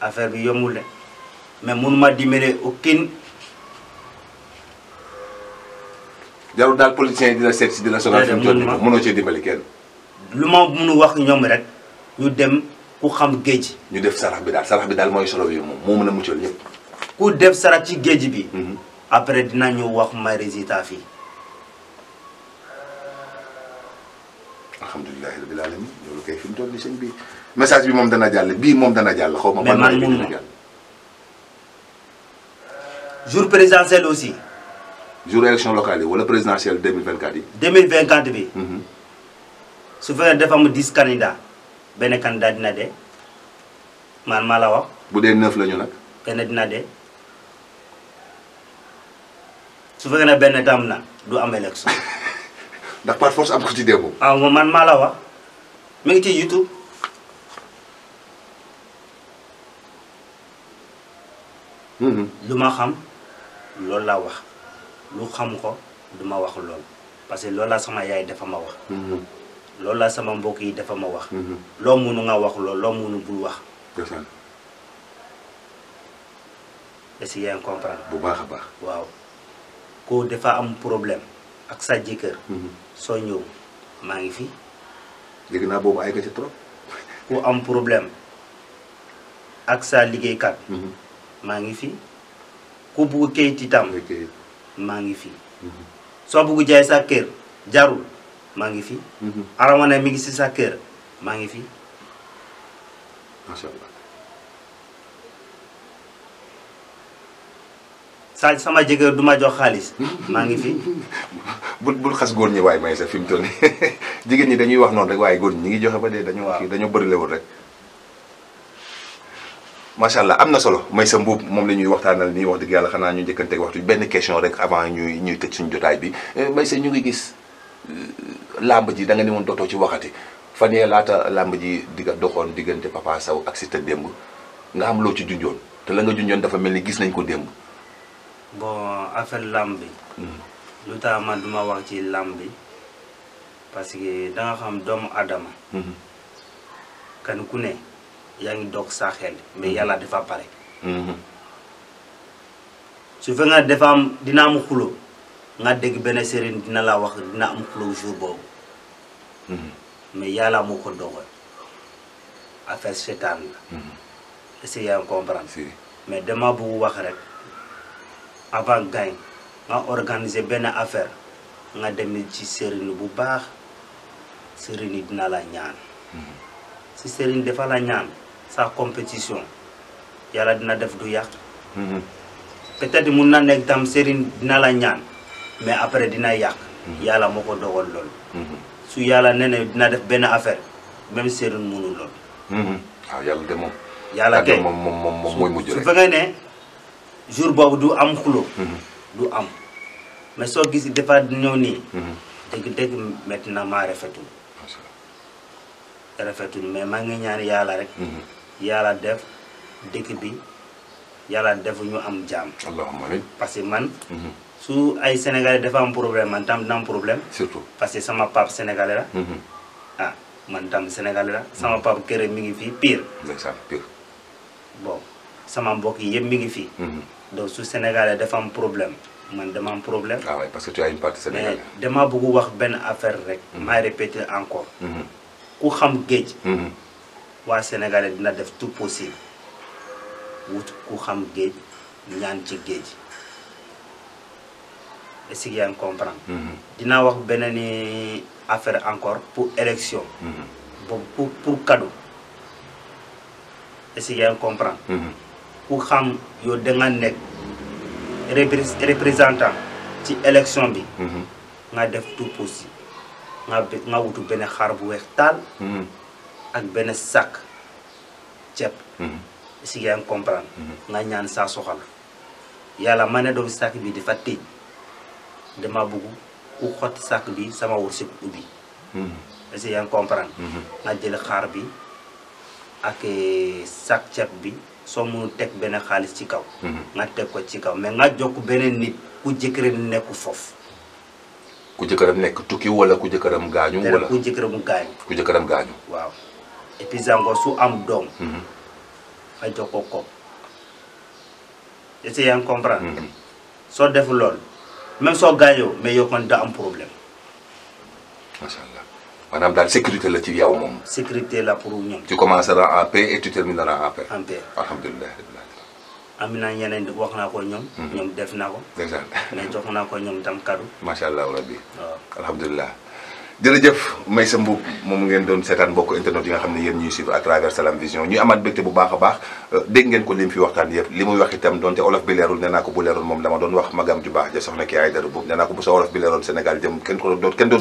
affaire bi yombul de mais mënuma dimbale aucune. jarul daal politicien yi dina seet si dina sonal. fi mu toll nii kenn. lu ma mënu wax ñoom rek. ñu dem ku xam géej. ñu def sarax bi daal sarax bi daal mooy solo bi moom moo mën a muccal ñëpp. ku def sarax ci géej bi. Mhm. après dinañu wax ma résultat fii. alhamdulilahi rabil alamin loolu kay fi mu toll nii sëñ bi message bi moom dana jàll bii moom dana jàll. xaw ma ban man mun na jour présidentiel aussi. jour élection locale yi wala présidentielle 2024 yi. 2024 bi. Mhm. su fekkee dafa am benn candidat dina dee man maa la wax. bu dee neuf lañu ñu nag. benn dina de su fekkee ne benn tam na du am élection. ndax par force am ko ah man maa la wax mi ngi ci YouTube. Mm-hmm. lu ma xam loolu laa wax lu xam ko du ma wax loolu parce que loolu laa sama yaay dafa ma wax. Mm-hmm. loolu la sama mbokk yi dafa ma wax. Mhm. loo munu nga wax loolu loo munu bul wax. est-ce que yaa ngi comprendre. bu baax a baax. waaw ko dafa am problème ak sa jëkkër. Mhm. soo ñëw maa ngi fi. dégg naa boobu ay nga ci trop. ku am problème ak sa liggéeykat. Mhm. maa ngi fi ku bugg kayit itam. maa ngi fi. soo bugg jaay sa kër jarul. maa ngi fi. Mhm. Aramane mi ngi si sa kër maa ngi fi. sa sama jëkkër du ma jox xaalis maa ngi fi. bul bul xas góor ñi waaye may sa fi mu toll jigéen ñi dañuy wax noonu rek waaye góor ñi ñu ngi joxe ba dee dañoo. waaw dañoo bëri lewul rek. macha allah am na solo may mbuub moom la ñuy waxtaanal nii wax dëgg yàlla xanaa ñu njëkkanteeg waxtu benn question rek avant ñuy ñuy tëj suñu jotaay bi eh, may sa ñu ngi gis làmb ji da nga ne dootoo ci waxati fan yee laata làmb ji digga doxoon diggante Papa Sow ak Siteu démb nga am loo ci junjoon te la nga junjoon dafa mel ni gis nañ ko démb. bon affaire làmb bi. Hmm. lu tax man duma wax ci làmb bi parce que da nga xam doomu Adama. Hmm. kan ku ne yaa ngi doog sa xel mais hmm. yàlla dafa pare. su fekkee dafa am dina am xuloo. nga dégg benn sëriñ dina la wax dina am xuloo jour boobu mais yàlla moo ko affaire seetaan la est-ce que yaa mais dama bëgg wax rek avant gain nga organiser benn affaire nga dem ci sëriñ bu baax sëriñ yi dina la ñaan si sëriñ dafa la ñaan sa compétition yàlla dina def du yàq hmm. peut mun na nekk tam sëriñ dina la ñaan mais après dina yàq. Mhm. yàlla moo ko dogal loolu. Mhm. su yàlla nee na dina def benn affaire même Serigne mënul loolu. Mhm. Ah, yàlla de moom. yàlla ah, kay moom moom moom mooy mujj rek su boobu du am xuloo am mais soo gis dafa ñëw nii. dëgg dëgg métti maa rafetul. rafetul mais maa ngi ñaan yàlla rek. yàlla def dëkk bi yàlla def ñu am jàmm. allahumma que man. su ay sénégalais dafa am problème man daam dina problème. surtout parce que sama pap sénégalais la. Mhm. ah man tam sénégalais la. sama mhm. pap kër mi ngi fii piir Pire. bon sama mbokk yi yëpp mi ngi fii. Mhm. donc su sénégalais dafa am problème man dama am problème. ah parce que tu as une partie sénégalaise. mais wax benn affaire rek. may répéter encore. ku xam géej. waa sénégalais dina def tout possible wut ku xam géej ñaan ci géej. si yaa comprendre. Mm-hmm. dinaa wax beneen affaire encore pour élection. Mm-hmm. boobu pour pour cadeau. est comprendre. Mm-hmm. ku xam yow da nga nekk représentant ci élection bi. nga def tout possible nga wutu benn xar bu weex taal. ak benn sak ceeb. est-ce que yaa comprendre. nga ñaan saa soxal yàlla ma ne doomu sac bi dafa tëj. dama bëgg ku xotti sàkk bi sama wursi ubbi hmm. est yaa ngi comprendre nga hmm. jël xaar bi ak eh, sàkk ceeb bi soo mu teg benn xaalis ci kaw hmm. nga teg ko ci kaw mais nga jokk beneen nit ku jëkkëram nekk foofu ku jëkkëram nekk tukki wala ku jëkkëram gaañu wala ku jëkkëram gaañu ku jëkkëram waaw et puis su am doom nga jox ko kopp est yaa ngi comprendre soo def loolu même soo gaañoo mais yow man da am problème. macha allah maanaam daal sécurité la ci yow moom. sécurité la pour ñoom. tu commenceras en paix et tu termineras a paix. en am naa am na ñeneen wax naa ko ñoom. Mhm. def naa ko. dèjà mais jox naa ko ñoom tam kaddu. macha allah rabbi waaw alhamdulilah. jërëjëf Maysa Mboup moom ngeen doon seetaan mbokk internet yi nga xam ne yéen ñuy suivre à travers Salam Vision ñuy amaat bégte bu baax a baax euh, dégg ngeen ko lim fi waxtaan yëpp li wax itam donte olof bi leerul nee naa ko moom dama doon wax magam ju baax ja soxna ki ay dara boobu nee naa ko bu sa olof bi ko doon kenn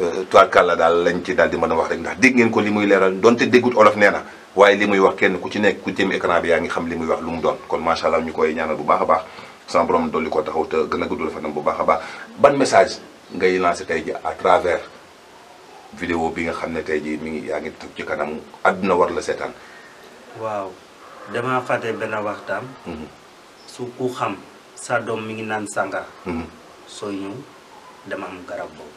euh, daal lañ ci daal a wax rek ndax dégg ngeen ko li muy leeral donte déggut olof nee na waaye li muy wax kenn ku ci nekk ku jëm écran yaa ngi xam li muy wax lu mu doon kon macha allah ñu koy ñaanal bu baax a baax sama borom dolli ko taxaw te gën a guddul fanam bu baax a baax ban message ngay lancé tey ji à travers vidéo bi nga xam ne tey ji mi ngi yaa ngi toog ci kanam àdduna war la seetaan waaw dama fàtte benn waxtaan mhm. su ku xam sa doom mi ngi naan sàngara mhm. sooy ñëw dama am garab boobu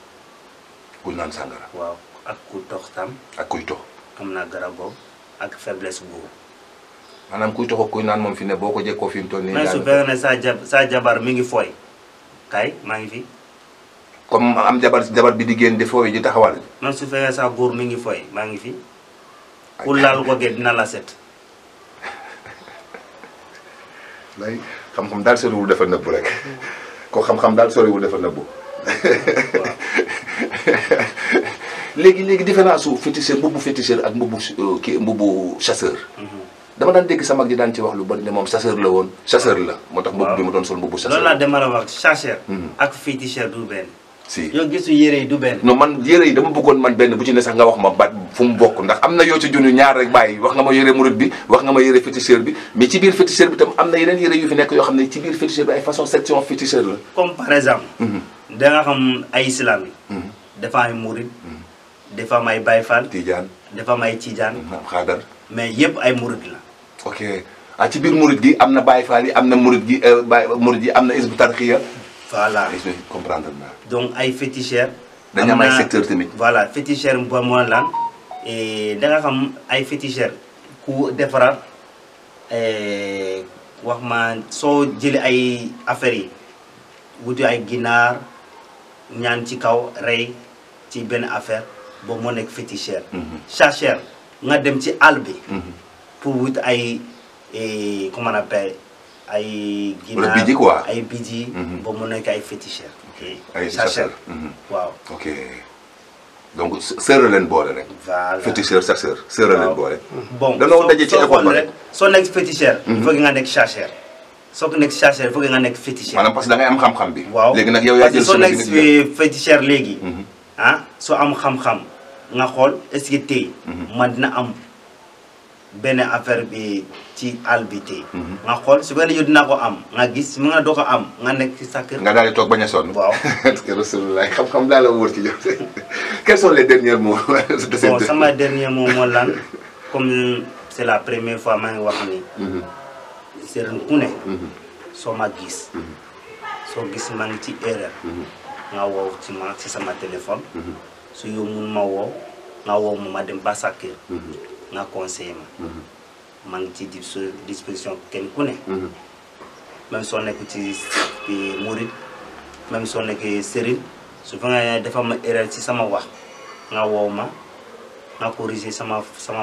ku naan sàngara waaw ak ku tox tam ak kuy tox am naa garab boobu ak faiblesse boobu maanaam kuy toxo kuy naan moom fi ne boo ko jekkoo fi mu toll nii. mais su ne sa jab sa jabar mi ngi foy kay maa ngi fi. comme am jabar jabar bi di génn di fooy di taxawal. même su fekkee sa góor mi ngi foy maa ngi fi. ku laal ko dina la set. lay xam-xam daal soriwul dafa nëbbu rek ko xam-xam daal soriwul dafa nëbbu. léegi léegi defe naa su féticheur mbubbu féticheur ak mbubbu euh, kii mbubbu chasseur. Mhm. dama daan dégg sa mag ji daan ci wax lu bari ne moom chasseur la woon chasseur la moo tax mbubb bi ma doon sol mbubbu chasseur loolu laa demal a wax chasseur hmm. ak féticheur du benn si yow gisu yére yi du benn non man yére yi dama bëggoon man benn bu ci ne sax nga wax ma ba fu mu bokk ndax am na yoo ci junni ñaar rek bàyyi wax nga ma yére murid bi wax nga ma yére féticheur bi mais ci biir féticheur bi tam am na yeneen yére yu fi nekk yoo xam ne ci biir féticheur bi ay façon section la comme par exemple hmm. da nga xam ay islam yi dafa am hmm. murid dafa am ay bayfal tijaan dafa mais yëpp ay murid ok a ah, ci biir murid gi am na baay Fall yi am na murid gi euh, Baye murid am na Hizbut Tarqiyyah. voilà est ah, donc ay féticheurs. dañu am ay secteur tamit. voilà féticheur ba moo lan da nga xam ay féticheur ku defaraat eh, wax ma soo jëlee ay affaires yi wuti ay ginaar ñaan ci kaw rey ci benn affaire boobu moo nekk féticheur. Mhm. chercheur nga dem ci àll bi. Mhm. pour wut ay e, comment on appelle ay. ginaar wala bidji quoi ay bidji. Mhm. ba mu nekk ay féticheur. ay chasseur mhm. mhm. waaw. ok donc sër leen boole rek. voilà féticheur chasseur sër leen boole. bon danoo daje ci école rek soo nekk féticheur. il faut que nga nekk chasseur. soo ko nekk chasseur il faut que nga nekk féticheur. maanaam parce que da am xam-xam bi. waaw léegi nag yow yaa jël soo nekk féticheur léegi. ah soo am xam-xam nga xool est-ce que am. benn affaire bi ci àll bi tey. Mhm. nga xool su fekkee dinaa ko am nga gis mu nga doo am nga nekk ci sa kër. nga daal di toog bañ a sonn. waaw parce que daal la wóor ci jox quels sont les derniers mots. bon sama dernier mot moo lan comme c' la première fois maa ngi wax ni. Mhm. sëriñ mhm. ma gis. soo ci erreur. sama téléphone. su yow mun ma woo nga woo mu ma dem ba sa nga conseillé ma. Mhm. maa ngi ci disposition kenn ku ne. Mhm. même soo ci murit même soo nekkee sëriñ su fa nga dafa ma erreur ci sama wax nga woow ma nga corriger sama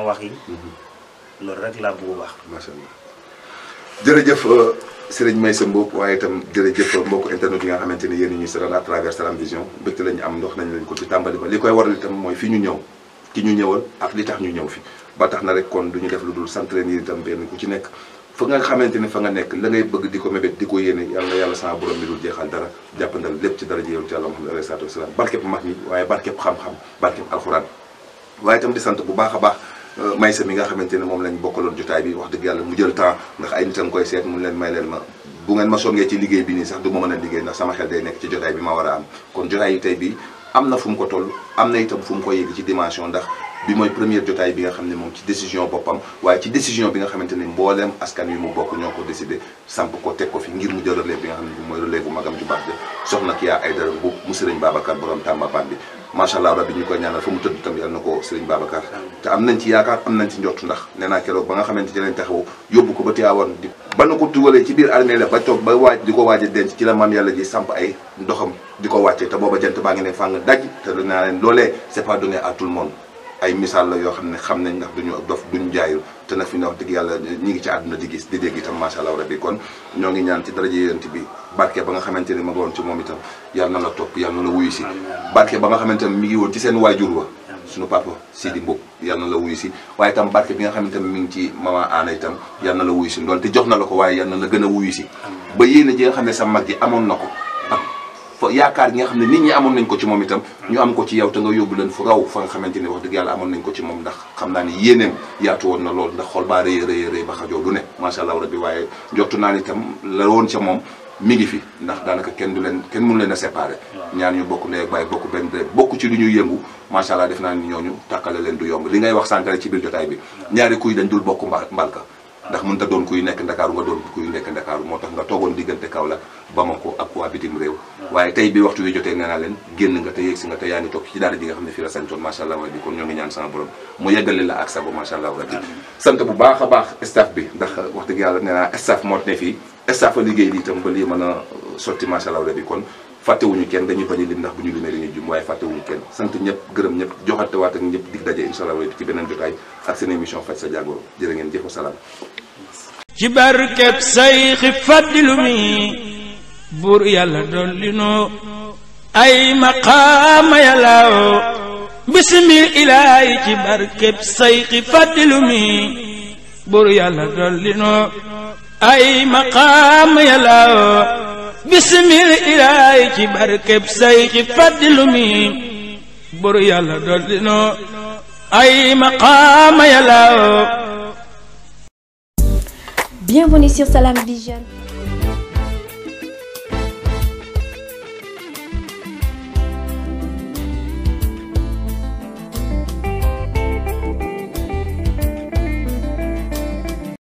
wax yi. Mhm. loolu rek laa bëgg wax. macha allah jërëjëf euh, sëriñ Meissa Mboup waaye itam jërëjëf euh, mbokku internet yi nga xamante ni yéen a ñuy seetaan à travers Salam Vision mbégte la am ndox nañ lañ ko ci tàmbali ba li koy waral itam mooy fi ñu ñëw ki ñu ñëwal ak li tax ñu ñëw fi. ba tax na rek kon du ñu def lu dul sant leen yi itam benn ku ci nekk fa nga xamante ni fa nga nekk la ngay bëgg di ko mébét di ko yéene yàlla na yàlla sama borom bi dul jeexal dara jàppandal lépp ci dara ji waaye barkeb xam-xam bu baax a baax euh, Maysa mi nga xamante ne moom lañ bokkaloon jotaay bi wax dëgg yàlla mu jël temps ndax ay nitam koy seet mu leen may leen ma bu ngeen ma songee ci liggéey bi nii sax du ma mën a liggéey ndax sama xel day nekk ci jotaay bi ma war a am kon jotaay yi tey bi am na fu mu ko toll am na itam fu mu ko yéegi ci dimension ndax bi mooy première jotaay bi nga xam ne moom ci décision boppam waaye ci décision bi nga xamante ni mbooleem askan wi mu bokk ñoo ko décidé samp ko teg ko fi ngir mu jël relève bi nga xam ne bi mooy relève bu magam ju baax de soxna ki yaa ay dara mu sëriñ Babacar borom Tamba Bandi macha allah rabbi ñu koy ñaanal fa mu tëdd tam yàlla na ko sëriñ Babacar te am yaakaar am nañ ci nee naa keroog ba nga xamante ne lañ taxaw yóbbu ko ba Tiwaawan di ba na ko tugalee ci biir armée la ba toog ba waaj di ko waaje denc ci la maam yàlla ngi ne fàng daj te dinaa leen loolee c'est ay misaal la yoo xam ne xam nañ ndax duñu dof duñ jaayu te na fi ne wax dëgg yàlla ñi ngi ci àdduna di gis di dégg itam macha allah rabbi kon ñoo ngi ñaan ci daraja yonent bi barke ba nga xamante ne ma nga woon moom itam yàlla na la topp yàlla na la wuyu xamante ne mi ngi woon ci seen waajur wa suñu papa Sidi Mboup yàlla na la wuyu si waaye itam barke bi nga xamante ne mi ngi ci mama Ana itam yàlla na la wuyu si ndoon te jox na la ko waaye yàlla na la gën a wuyu si ba yéene ji nga xam ne sa mag ji amoon na ko yaakaar ñi nga xam ne nit ñi amoon nañ ko ci moom itam ñu am ko ci yow te nga yóbbu leen fu raw fa nga xamante ni wax dëgg yàlla amoon nañ ko ci moom ndax xam naa ni yéeneem yaatu woon na lool ndax xol baa rëy rëy rëy ba xajoo du ne macha allah waaye njottu naa ni itam la woon ca moom mi ngi fi ndax daanaka kenn du leen kenn mun leen a séparé ñaan ñu bokk ndey ak baay bokk benn dé bokk ci lu ñu yëngu macha allah def naa ni ñooñu tàkkale leen du yomb li ngay wax sànkale ci biir jotaay bi ñaari kuy dañ dul bokk mbalka ndax mën ta doon kuy nekk ndakaaru nga doon kuy nekk ndakaaru moo tax nga toogoon diggante Kaolack ba ko ak waa bitim réew waaye tey bi waxtu wi jotee nee leen génn nga te yegg nga te yaa ngi toog ci daara ji nga xam ne fii la santoon macha allah rabbi kon ñoo ngi ñaan sama borom mu yeggale la ak sago macha allah rabbi sant bu baax a baax staff bi ndax wax dëgg yàlla nee naa staff moo ne fii staff a liggéey lii itam ba lii mën a sotti macha allah rabbi kon fàttewuñu kenn dañuy bañ lim ndax bu ñu limee dañuy jum waaye fàttewuñu kenn sant ñëpp gërëm ñëpp joxante buur yàlla dolli noo ay maqaama yàllaawo bisimil ilaahi ci barkeb sayxi fàddilu mi buur yàlla dolli noo ay maqaama yàllaawo bisimil ilaahi ci barkeb sayxi fàddilu mi buur yàlla dolli noo ay maqaama yàllaawo Bienvenue sur Salam Vision